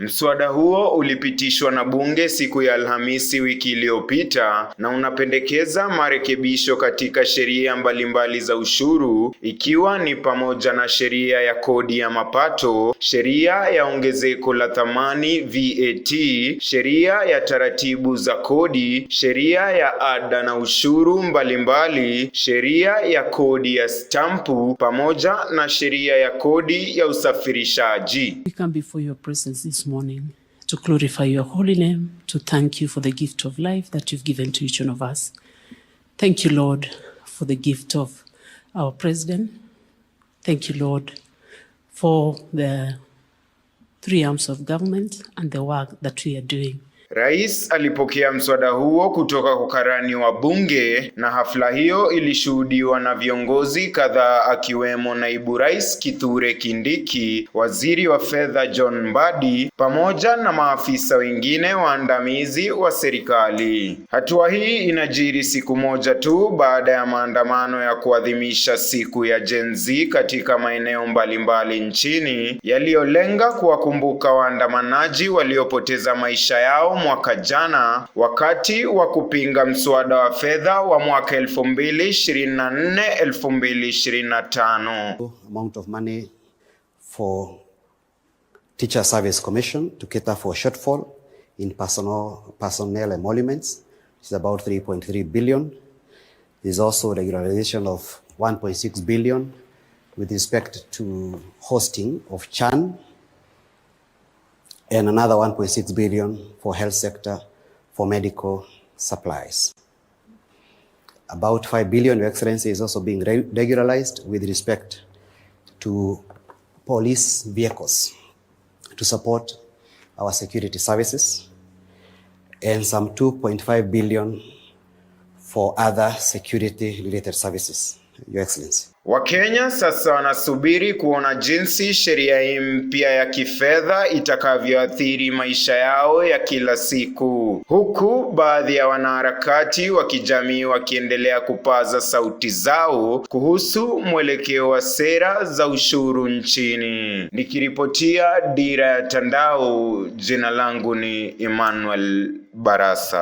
Mswada huo ulipitishwa na bunge siku ya Alhamisi wiki iliyopita na unapendekeza marekebisho katika sheria mbalimbali za ushuru ikiwa ni pamoja na sheria ya kodi ya mapato, sheria ya ongezeko la thamani VAT, sheria ya taratibu za kodi, sheria ya ada na ushuru mbalimbali, sheria ya kodi ya stampu pamoja na sheria ya kodi ya usafirishaji. morning, to glorify your holy name, to thank you for the gift of life that you've given to each one of us. Thank you, Lord, for the gift of our president. Thank you, Lord, for the three arms of government and the work that we are doing. Rais alipokea mswada huo kutoka kwa karani wa bunge na hafla hiyo ilishuhudiwa na viongozi kadhaa akiwemo naibu rais Kithure Kindiki, waziri wa fedha John Mbadi pamoja na maafisa wengine waandamizi wa serikali. Hatua hii inajiri siku moja tu baada ya maandamano ya kuadhimisha siku ya Gen Z katika maeneo mbalimbali nchini yaliyolenga kuwakumbuka waandamanaji waliopoteza maisha yao mwaka jana wakati wa kupinga mswada wa fedha wa mwaka 2024 2025. Amount of money for Teacher Service Commission to cater for shortfall in personal, personnel emoluments is about 3.3 billion. There's also regularization of 1.6 billion with respect to hosting of CHAN and another 1.6 billion for health sector for medical supplies. About 5 billion, Your Excellency, is also being re regularized with respect to police vehicles to support our security services and some 2.5 billion for other security related services, Your Excellency. Wakenya sasa wanasubiri kuona jinsi sheria hii mpya ya kifedha itakavyoathiri maisha yao ya kila siku, huku baadhi ya wanaharakati wa kijamii wakiendelea kupaza sauti zao kuhusu mwelekeo wa sera za ushuru nchini. Nikiripotia Dira ya Tandao, jina langu ni Emmanuel Barasa.